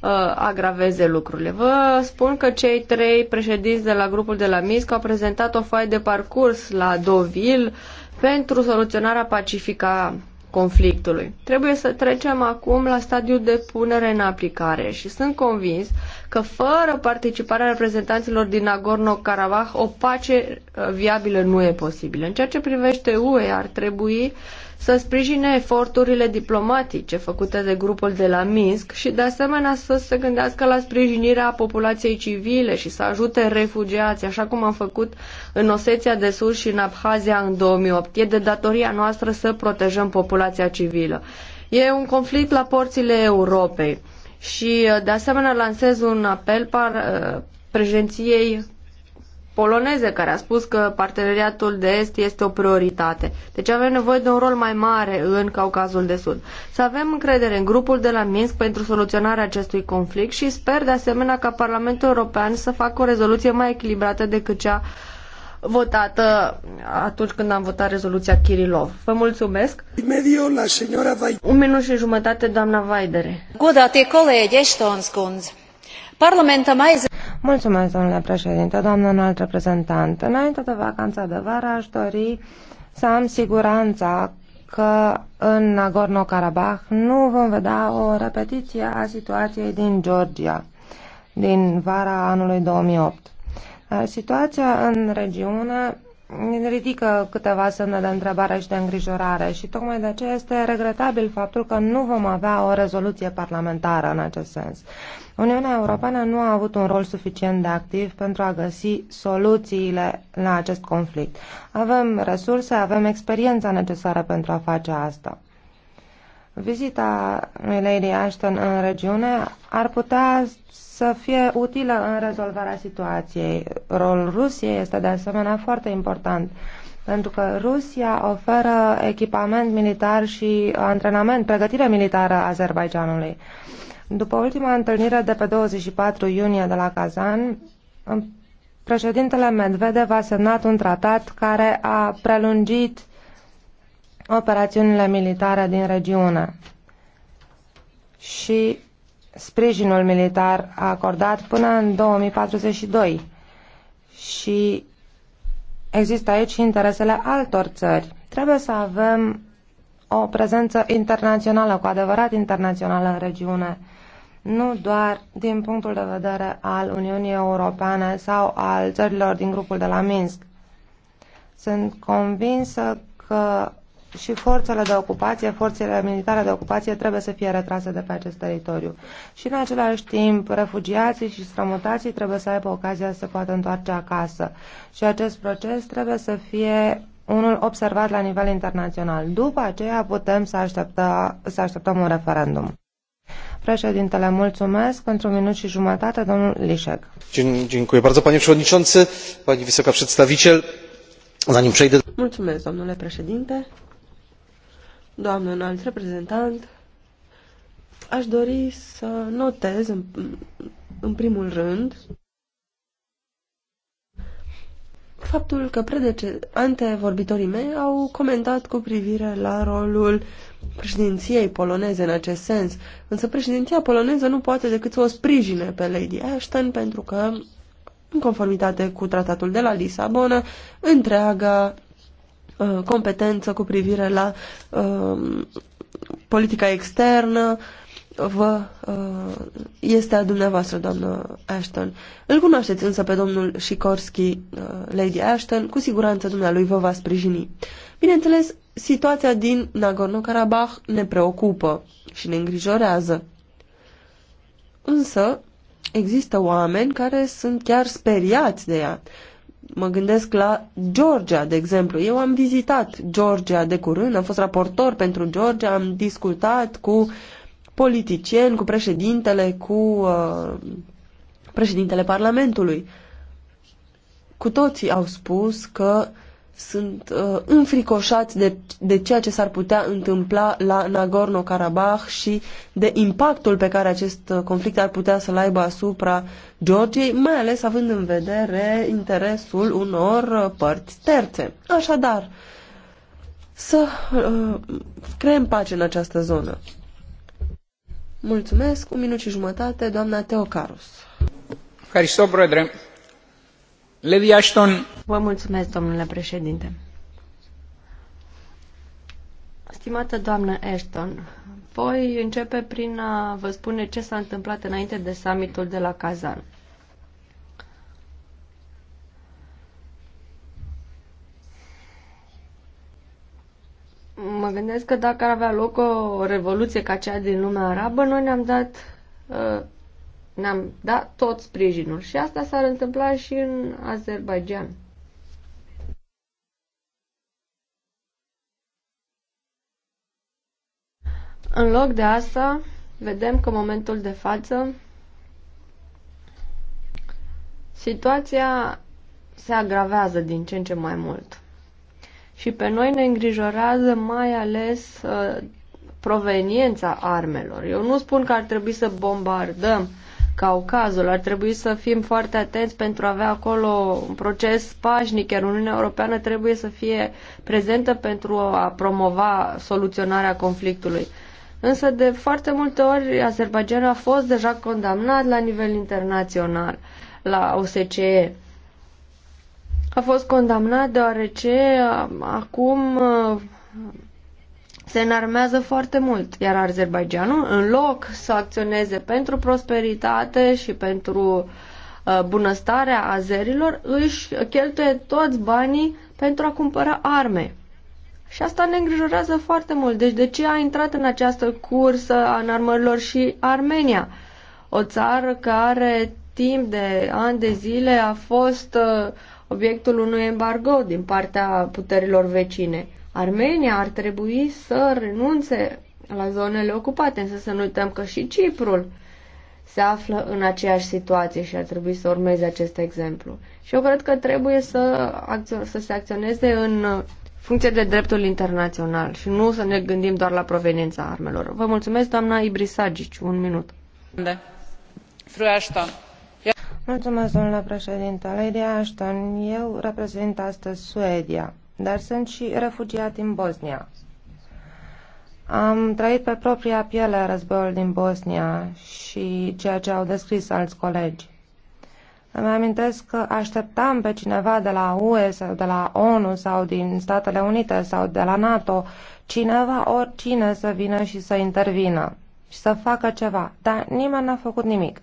uh, agraveze lucrurile. Vă spun că cei trei președinți de la grupul de la Minsk au prezentat o foaie de parcurs la Dovil pentru soluționarea pacifică a conflictului. Trebuie să trecem acum la stadiul de punere în aplicare și sunt convins că fără participarea reprezentanților din Nagorno-Karabakh o pace uh, viabilă nu e posibilă. În ceea ce privește UE ar trebui să sprijine eforturile diplomatice făcute de grupul de la Minsk și de asemenea să se gândească la sprijinirea populației civile și să ajute refugiații, așa cum am făcut în Oseția de Sud și în Abhazia în 2008. E de datoria noastră să protejăm populația civilă. E un conflict la porțile Europei. Și, uh, de asemenea, lansez un apel par, uh, președinției poloneze, care a spus că parteneriatul de est este o prioritate. Deci avem nevoie de un rol mai mare în Caucazul de Sud. Să avem încredere în grupul de la Minsk pentru soluționarea acestui conflict și sper de asemenea ca Parlamentul European să facă o rezoluție mai echilibrată decât cea uh, votată atunci când am votat rezoluția Kirilov. Vă mulțumesc. Medio la señora Un minut și jumătate, doamna Vaidere. Godate colegi, Eștons Parlamentul mai Mulțumesc, domnule președinte, doamnă înalt reprezentant. Înainte de vacanța de vară aș dori să am siguranța că în Nagorno-Karabakh nu vom vedea o repetiție a situației din Georgia din vara anului 2008. Situația în regiune ridică câteva semne de întrebare și de îngrijorare și tocmai de aceea este regretabil faptul că nu vom avea o rezoluție parlamentară în acest sens. Uniunea Europeană nu a avut un rol suficient de activ pentru a găsi soluțiile la acest conflict. Avem resurse, avem experiența necesară pentru a face asta. Vizita lui Lady Ashton în regiune ar putea să fie utilă în rezolvarea situației. Rolul Rusiei este de asemenea foarte important pentru că Rusia oferă echipament militar și antrenament, pregătire militară Azerbaijanului. După ultima întâlnire de pe 24 iunie de la Kazan, președintele Medvedev a semnat un tratat care a prelungit operațiunile militare din regiune. Și sprijinul militar acordat până în 2042 și există aici interesele altor țări. Trebuie să avem o prezență internațională, cu adevărat internațională în regiune, nu doar din punctul de vedere al Uniunii Europene sau al țărilor din grupul de la Minsk. Sunt convinsă că și forțele de ocupație, forțele militare de ocupație trebuie să fie retrase de pe acest teritoriu. Și în același timp, refugiații și strămutații trebuie să aibă ocazia să se poată întoarce acasă. Și acest proces trebuie să fie unul observat la nivel internațional. După aceea putem să, aștepta, să așteptăm un referendum. Președintele, mulțumesc pentru minut și jumătate, domnul Lișec. Dziękuję bardzo, panie przewodniczący, pani wysoka przedstawiciel. Zanim przejdę... Mulțumesc, domnule președinte doamnă înalt reprezentant, aș dori să notez în, în primul rând faptul că predece antevorbitorii mei au comentat cu privire la rolul președinției poloneze în acest sens. Însă președinția poloneză nu poate decât să o sprijine pe Lady Ashton pentru că, în conformitate cu tratatul de la Lisabona, întreaga Uh, competență cu privire la uh, politica externă vă uh, este a dumneavoastră, doamnă Ashton. Îl cunoașteți însă pe domnul Sikorski, Lady Ashton, cu siguranță dumnealui vă va sprijini. Bineînțeles, situația din Nagorno-Karabakh ne preocupă și ne îngrijorează. Însă, există oameni care sunt chiar speriați de ea. Mă gândesc la Georgia, de exemplu. Eu am vizitat Georgia de curând, am fost raportor pentru Georgia, am discutat cu politicieni, cu președintele, cu uh, președintele Parlamentului. Cu toții au spus că sunt uh, înfricoșați de, de ceea ce s-ar putea întâmpla la Nagorno-Karabakh și de impactul pe care acest uh, conflict ar putea să-l aibă asupra Georgiei, mai ales având în vedere interesul unor uh, părți terțe. Așadar, să uh, creăm pace în această zonă. Mulțumesc. Un minut și jumătate, doamna Teocarus. Hristo, brădre. Lady Ashton. Vă mulțumesc, domnule președinte. Stimată doamnă Ashton, voi începe prin a vă spune ce s-a întâmplat înainte de summitul de la Kazan. Mă gândesc că dacă ar avea loc o revoluție ca cea din lumea arabă, noi ne-am dat uh, ne-am dat tot sprijinul și asta s-ar întâmpla și în Azerbaijan. În loc de asta, vedem că momentul de față situația se agravează din ce în ce mai mult. Și pe noi ne îngrijorează mai ales uh, proveniența armelor. Eu nu spun că ar trebui să bombardăm uh, Caucazul. Ar trebui să fim foarte atenți pentru a avea acolo un proces pașnic, iar Uniunea Europeană trebuie să fie prezentă pentru a promova soluționarea conflictului. Însă de foarte multe ori Azerbaijanul a fost deja condamnat la nivel internațional, la OSCE. A fost condamnat deoarece acum se înarmează foarte mult, iar Azerbaijanul, în loc să acționeze pentru prosperitate și pentru uh, bunăstarea azerilor, își cheltuie toți banii pentru a cumpăra arme. Și asta ne îngrijorează foarte mult. Deci de ce a intrat în această cursă a înarmărilor și Armenia? O țară care timp de ani de zile a fost uh, obiectul unui embargo din partea puterilor vecine. Armenia ar trebui să renunțe la zonele ocupate, însă să nu uităm că și Ciprul se află în aceeași situație și ar trebui să urmeze acest exemplu. Și eu cred că trebuie să, să se acționeze în funcție de dreptul internațional și nu să ne gândim doar la proveniența armelor. Vă mulțumesc, doamna Ibrisagici. Un minut. Da. Mulțumesc, domnule președinte. Lady Ashton, eu reprezint astăzi Suedia dar sunt și refugiat din Bosnia. Am trăit pe propria piele războiul din Bosnia și ceea ce au descris alți colegi. Îmi amintesc că așteptam pe cineva de la UE sau de la ONU sau din Statele Unite sau de la NATO, cineva, oricine să vină și să intervină și să facă ceva, dar nimeni n-a făcut nimic.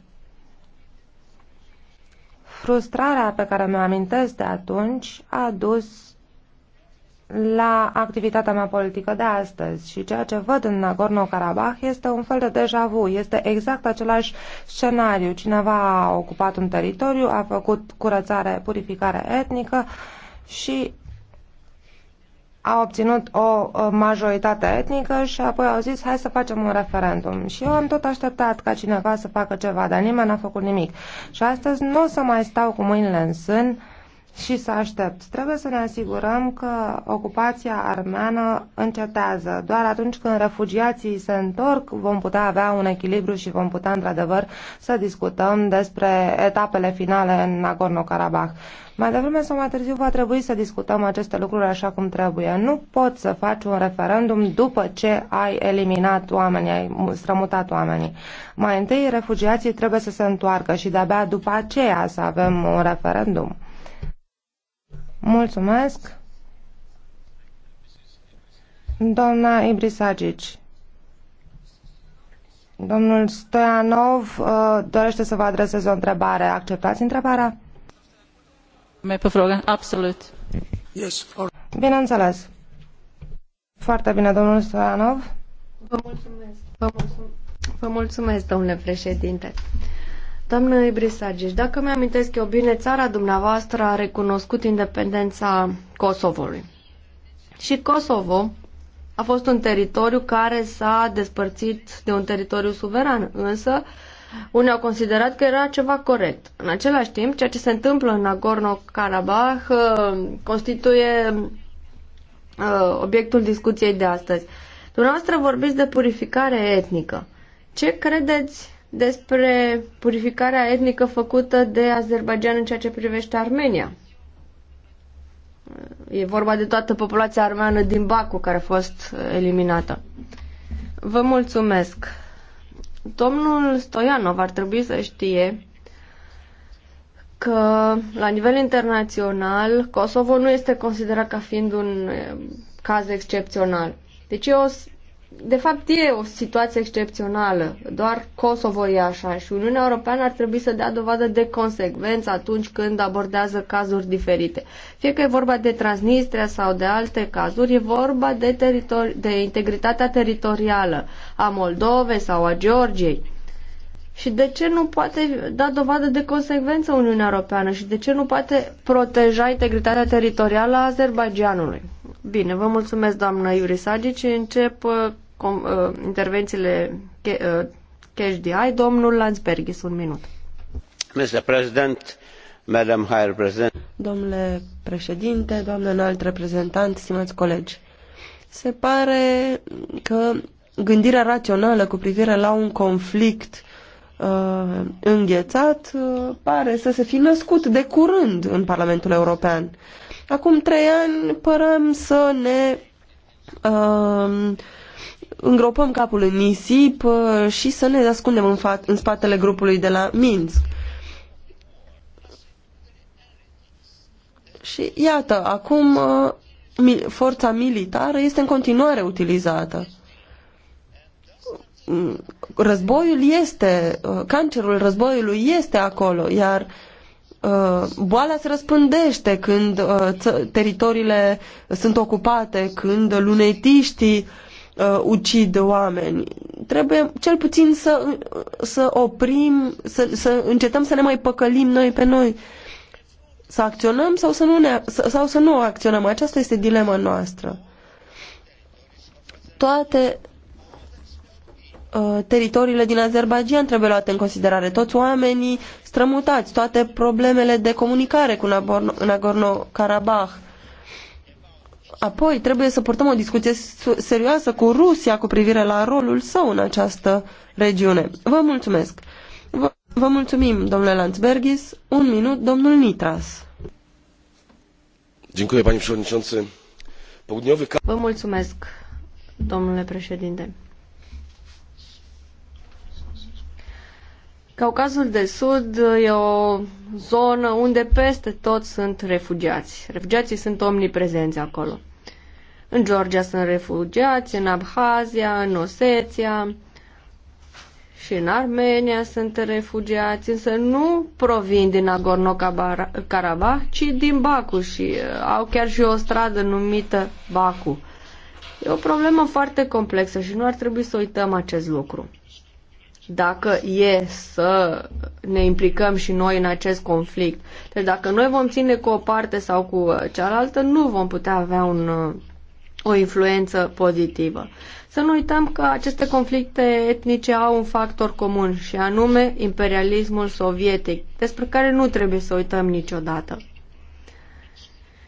Frustrarea pe care mi-o amintesc de atunci a dus la activitatea mea politică de astăzi și ceea ce văd în Nagorno-Karabakh este un fel de deja vu, este exact același scenariu. Cineva a ocupat un teritoriu, a făcut curățare, purificare etnică și a obținut o majoritate etnică și apoi au zis hai să facem un referendum. Și eu am tot așteptat ca cineva să facă ceva, dar nimeni n-a făcut nimic. Și astăzi nu o să mai stau cu mâinile în sân uh, și să aștept. Trebuie să ne asigurăm că ocupația armeană încetează. Doar atunci când refugiații se întorc vom putea avea un echilibru și vom putea într-adevăr să discutăm despre etapele finale în Nagorno-Karabakh. Mai devreme sau mai târziu va trebui să discutăm aceste lucruri așa cum trebuie. Nu poți să faci un referendum după ce ai eliminat oamenii, ai strămutat oamenii. Mai întâi refugiații trebuie să se întoarcă și de-abia după aceea să avem un referendum. Mulțumesc. Doamna Ibrisagic. Domnul Stoianov uh, dorește să vă adreseze o întrebare. Acceptați întrebarea? Mai pe frogă? Absolut. Yes. Bineînțeles. Foarte bine, domnul Stoianov. Vă mulțumesc. Vă mulțumesc, vă mulțumesc domnule președinte. Uh, Doamnă Ibrisagic, dacă mi-amintesc eu bine, țara dumneavoastră a recunoscut independența Kosovului. Și Kosovo a fost un teritoriu care s-a despărțit de un teritoriu suveran, însă unii au considerat că era ceva corect. În același timp, ceea ce se întâmplă în Nagorno-Karabakh uh, constituie uh, obiectul discuției de astăzi. Dumneavoastră vorbiți de purificare etnică. Ce credeți despre purificarea etnică făcută de Azerbaijan în ceea ce privește Armenia. E vorba de toată populația armeană din Baku care a fost eliminată. Vă mulțumesc. Domnul Stoianov ar trebui să știe că la nivel internațional Kosovo nu este considerat ca fiind un eh, caz excepțional. Deci e o de fapt, e o situație excepțională. Doar Kosovo e așa și Uniunea Europeană ar trebui să dea dovadă de consecvență atunci când abordează cazuri diferite. Fie că e vorba de Transnistria sau de alte cazuri, e vorba de, teritori- de integritatea teritorială a Moldovei sau a Georgiei. Și de ce nu poate da dovadă de consecvență Uniunea Europeană și de ce nu poate proteja integritatea teritorială a Azerbaijanului? Bine, vă mulțumesc, doamnă Iurisagici. Încep uh, com, uh, intervențiile uh, cash DI. Domnul Landsbergis, un minut. Mr. President, Madam High Representative. Domnule președinte, doamnă înalt reprezentant, stimați colegi, se pare că gândirea rațională cu privire la un conflict uh, înghețat uh, pare să se fi născut de curând în Parlamentul European. Acum trei ani părăm să ne uh, îngropăm capul în nisip uh, și să ne ascundem în, fa- în spatele grupului de la Minsk. Și iată, acum uh, forța militară este în continuare utilizată. Mm, războiul este, uh, cancerul războiului este acolo, iar boala se răspândește când teritoriile sunt ocupate, când lunetiștii uh, ucid oameni. Trebuie cel puțin să, să oprim, să, să încetăm să ne mai păcălim noi pe noi. Să acționăm sau să nu, ne, sau să nu acționăm. Aceasta este dilema noastră. Toate uh, teritoriile din Azerbaijan trebuie luate în considerare. Toți oamenii strămutați, toate problemele de comunicare cu Nagorno-Karabakh, Apoi trebuie să purtăm o discuție serioasă cu Rusia cu privire la rolul său în această regiune. Vă mulțumesc! Vă, vă mulțumim, domnule Landsbergis. Un minut, domnul Nitras. Dziękuję, panie przewodniczący. Południowy... Vă mulțumesc, domnule președinte. Caucazul de Sud e o zonă unde peste tot sunt refugiați. Refugiații sunt omniprezenți acolo. În Georgia sunt refugiați, în Abhazia, în Oseția și în Armenia sunt refugiați, însă nu provin din Nagorno-Karabakh, ci din Baku și uh, au chiar și o stradă numită Baku. E o problemă foarte complexă și nu ar trebui să uităm acest lucru dacă e să ne implicăm și noi în acest conflict. Deci dacă noi vom ține cu o parte sau cu uh, cealaltă, nu vom putea avea un, uh, o influență pozitivă. Să nu uităm că aceste conflicte etnice au un factor comun și anume imperialismul sovietic, despre care nu trebuie să uităm niciodată.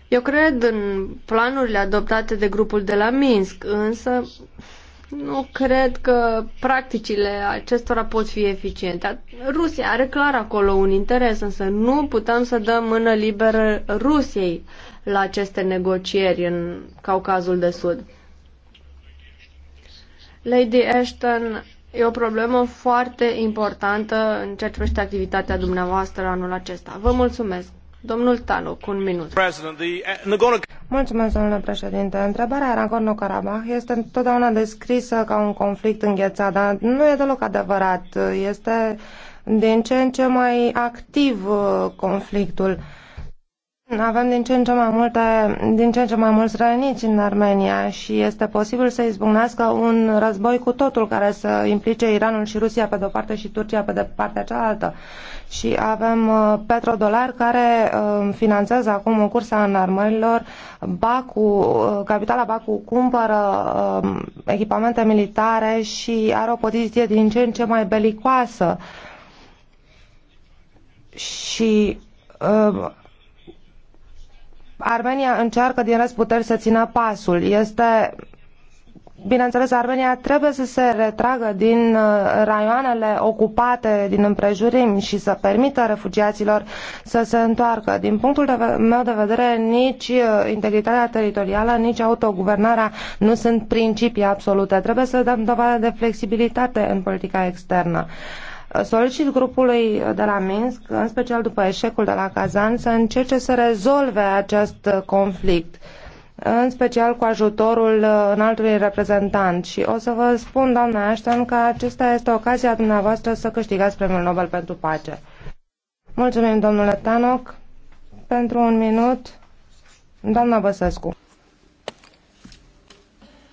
Eu cred în planurile adoptate de grupul de la Minsk, însă nu cred că practicile acestora pot fi eficiente. Rusia are clar acolo un interes, însă nu putem să dăm mână liberă Rusiei la aceste negocieri în Caucazul de Sud. Lady Ashton, e o problemă foarte importantă în ceea ce privește activitatea dumneavoastră anul acesta. Vă mulțumesc. Domnul cu un minut. Mulțumesc, domnule președinte. Întrebarea în karabakh este întotdeauna descrisă ca un conflict înghețat, dar nu e deloc adevărat. Este din ce în ce mai activ uh, conflictul. Avem din ce în ce mai multe, din ce în ce mai mulți răniți în Armenia și este posibil să izbucnească un război cu totul care să implice Iranul și Rusia pe de-o parte și Turcia pe de partea cealaltă. Și avem uh, petrodolar care uh, finanțează acum o cursa în armărilor. Baku, uh, capitala Baku cumpără echipamente militare și are o poziție din ce în ce mai belicoasă. Și Armenia încearcă din răsputeri să țină pasul. Este Bineînțeles, Armenia trebuie să se retragă din uh, raioanele ocupate din împrejurim și să permită refugiaților să se întoarcă. Din punctul meu de vedere, nici uh, integritatea teritorială, nici autoguvernarea nu sunt principii absolute. Trebuie să dăm dovadă de flexibilitate în politica externă. Uh, Solicit grupului de la Minsk, în special după eșecul de la Kazan, să încerce să rezolve acest conflict în special cu ajutorul înaltului reprezentant. Și o să vă spun, doamna Ashton, că acesta este ocazia dumneavoastră să câștigați premiul Nobel pentru pace. Mulțumim, domnule Tanoc. Pentru un minut, doamna Băsescu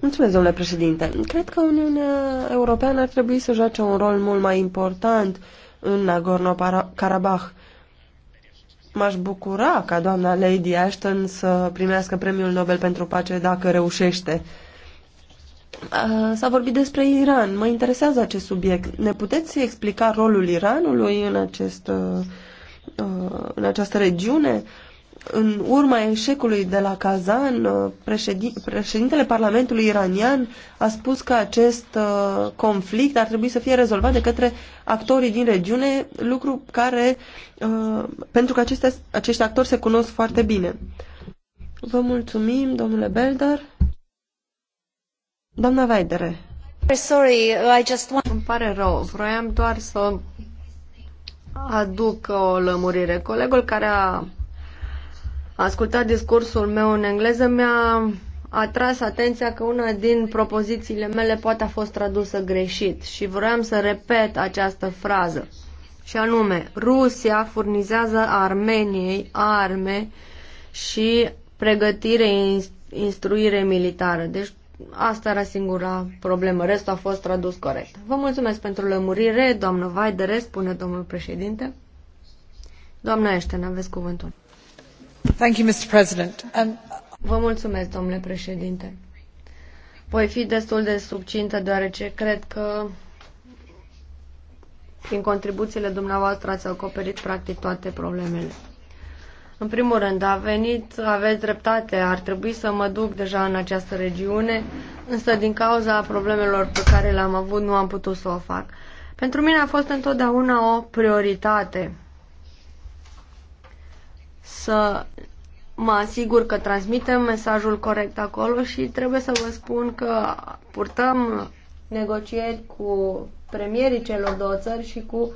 Mulțumesc, domnule președinte. Cred că Uniunea Europeană ar trebui să joace un rol mult mai important în Nagorno-Karabakh. M-aș bucura ca doamna Lady Ashton să primească premiul Nobel pentru pace dacă reușește. S-a vorbit despre Iran. Mă interesează acest subiect. Ne puteți explica rolul Iranului în, acest, uh, uh, în această regiune? în urma eșecului de la Kazan, uh, președintele Parlamentului iranian a spus că acest uh, conflict ar trebui să fie rezolvat de către actorii din regiune, lucru care, uh, pentru că aceste, acești actori se cunosc foarte bine. Vă mulțumim, domnule Belder. Doamna Vaidere. Sorry, I just want... Îmi pare rău, vroiam doar să aduc o lămurire. Colegul care a ascultat discursul meu în engleză, mi-a atras atenția că una din propozițiile mele poate a fost tradusă greșit și vroiam să repet această frază. Și anume, Rusia furnizează Armeniei arme și pregătire, instruire militară. Deci asta era singura problemă. Restul a fost tradus corect. Vă mulțumesc pentru lămurire, doamnă Vaidere, spune domnul președinte. Doamna Eșten, aveți cuvântul. Uh, mulțumesc, domnule președinte. Voi fi destul de subcintă, deoarece cred că prin contribuțiile dumneavoastră ați acoperit practic toate problemele. În primul rând, a venit, aveți dreptate, ar trebui să mă duc deja în această regiune, însă din cauza problemelor pe care le-am avut nu am putut să o fac. Pentru mine a fost întotdeauna o prioritate să mă asigur că transmitem mesajul corect acolo și trebuie să vă spun că purtăm negocieri cu premierii celor două țări și cu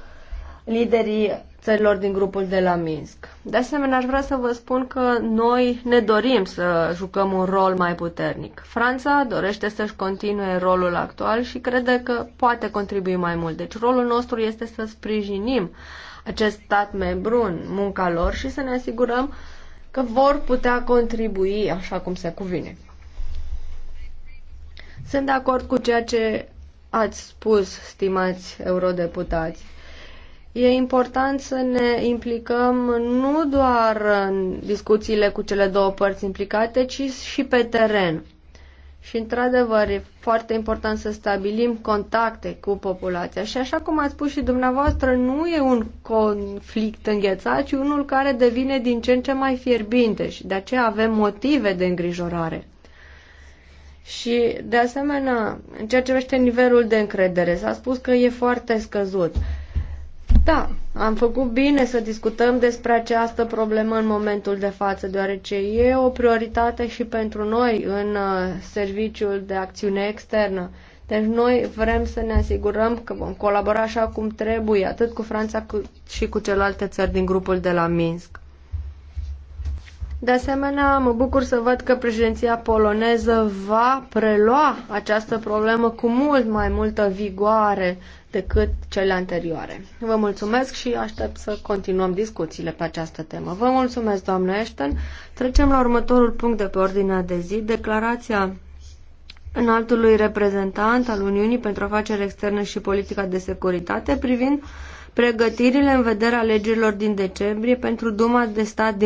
liderii țărilor din grupul de la Minsk. De asemenea, aș vrea să vă spun că noi ne dorim să jucăm un rol mai puternic. Franța dorește să-și continue rolul actual și crede că poate contribui mai mult. Deci rolul nostru este să sprijinim uh, acest stat membru în munca lor și să ne asigurăm că vor putea contribui așa cum se cuvine. Sunt de acord cu ceea ce ați spus, stimați eurodeputați. E important să ne implicăm nu doar în discuțiile cu cele două părți implicate, ci și pe teren. Și, într-adevăr, e foarte important să stabilim contacte cu populația. Și, așa cum ați spus și dumneavoastră, nu e un conflict înghețat, ci unul care devine din ce în ce mai fierbinte și de aceea avem motive de îngrijorare. Și, de asemenea, în ceea ce vește nivelul de încredere, s-a spus că e foarte scăzut. Da, am făcut bine să discutăm despre această problemă în momentul de față, deoarece e o prioritate și pentru noi în uh, serviciul de acțiune externă. Deci noi vrem să ne asigurăm că vom colabora așa cum trebuie, atât cu Franța cât și cu celelalte țări din grupul de la Minsk. De asemenea, mă bucur să văd că președinția poloneză va prelua această problemă cu mult mai multă vigoare decât cele anterioare. Vă mulțumesc și aștept să continuăm discuțiile pe această temă. Vă mulțumesc, doamnă Ashton. Trecem la următorul punct de pe ordinea de zi, declarația înaltului reprezentant al Uniunii pentru afaceri externe și politica de securitate privind pregătirile în vederea alegerilor din decembrie pentru Duma de stat din